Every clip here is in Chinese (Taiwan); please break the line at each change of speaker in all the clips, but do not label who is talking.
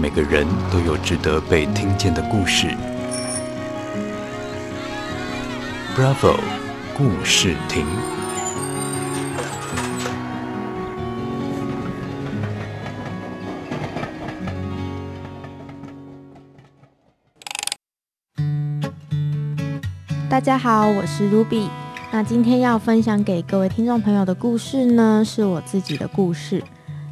每個人都有值得被聽見的故事。Bravo，故事亭。大家好，我是 Ruby。那今天要分享給各位聽眾朋友的故事呢，是我自己的故事。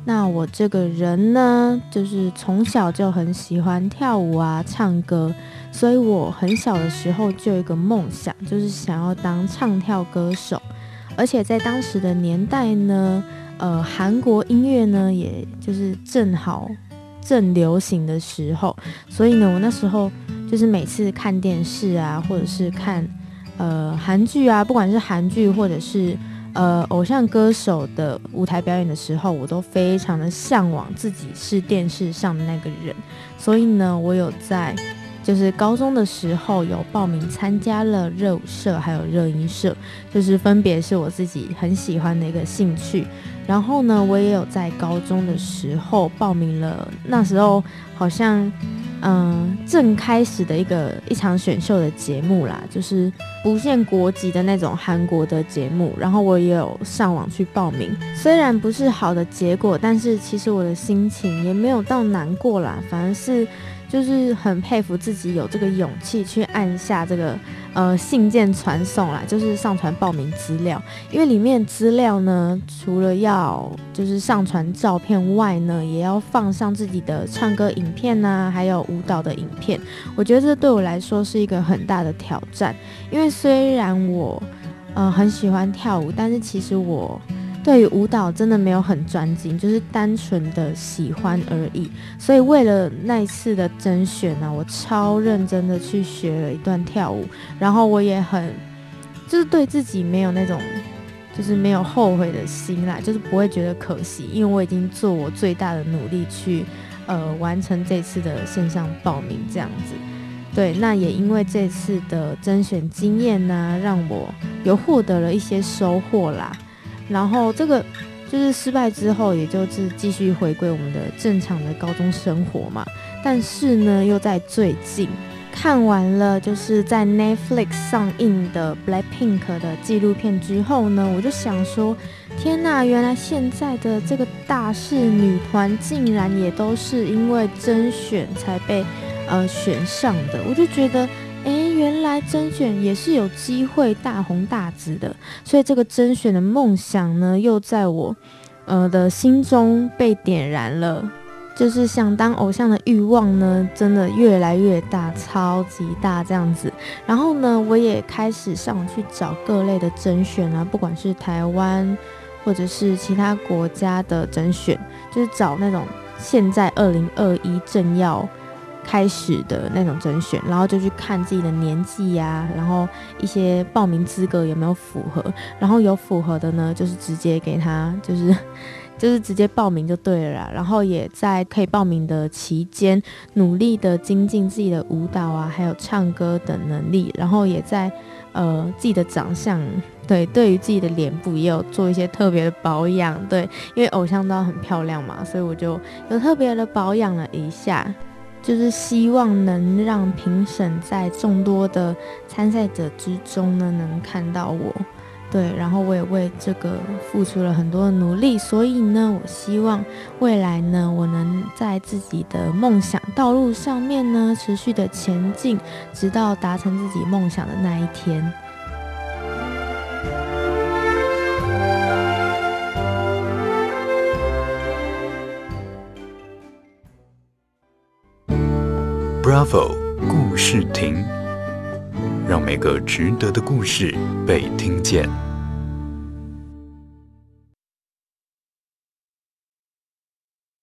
那我這個人呢，就是從小就很喜歡跳舞啊、唱歌，所以我很小的時候就有一個夢想，就是想要當唱跳歌手。而且在當時的年代呢，呃，韓國音樂呢，也就是正好正流行的時候，所以呢，我那時候就是每次看電視啊，或者是看呃韓劇啊，不管是韓劇或者是。呃，偶像歌手的舞台表演的時候，我都非常的向往自己是電視上的那個人。所以呢，我有在就是高中的時候有報名參加了熱舞社，還有熱音社，就是分別是我自己很喜歡的一個興趣。然後呢，我也有在高中的時候報名了，那時候好像。嗯，正開始的一個一場選秀的節目啦，就是不限國籍的那種韓國的節目，然後我也有上網去報名，雖然不是好的結果，但是其實我的心情也沒有到難過啦，反而是。就是很佩服自己有這個勇氣去按下這個呃信件傳送啦，就是上傳報名資料。因為裡面資料呢，除了要就是上傳照片外呢，也要放上自己的唱歌影片啊，還有舞蹈的影片。我覺得這對我來說是一個很大的挑戰，因為雖然我呃很喜歡跳舞，但是其實我。對於舞蹈真的沒有很專精，就是單純的喜歡而已。所以為了那一次的甄選呢、啊，我超認真的去學了一段跳舞，然後我也很，就是對自己沒有那種，就是沒有後悔的心啦，就是不會覺得可惜，因為我已經做我最大的努力去，呃，完成這次的線上報名這樣子。對，那也因為這次的甄選經驗呢、啊，讓我又獲得了一些收穫啦。然後這個就是失敗之後，也就是繼續回歸我們的正常的高中生活嘛。但是呢，又在最近看完了就是在 Netflix 上映的 BLACKPINK 的紀錄片之後呢，我就想說，天哪！原來現在的這個大勢女團竟然也都是因為甄選才被呃選上的，我就覺得。誒，原來甄選也是有機會大紅大紫的，所以這個甄選的夢想呢，又在我，呃的心中被點燃了。就是想當偶像的慾望呢，真的越來越大，超級大這樣子。然後呢，我也開始上網去找各類的甄選啊，不管是台灣或者是其他國家的甄選，就是找那種現在二零二一正要。開始的那種甄選，然後就去看自己的年紀呀、啊，然後一些報名資格有沒有符合，然後有符合的呢，就是直接給他，就是就是直接報名就對了啦。然後也在可以報名的期間，努力的精進自己的舞蹈啊，還有唱歌等能力。然後也在呃自己的長相，對，對於自己的臉部也有做一些特別的保養，對，因為偶像都很漂亮嘛，所以我就有特別的保養了一下。就是希望能讓評審在眾多的參賽者之中呢，能看到我，對，然後我也為這個付出了很多的努力，所以呢，我希望未來呢，我能在自己的夢想道路上面呢，持續的前進，直到達成自己夢想的那一天。Bravo 故事亭，讓每個值得的故事被聽見。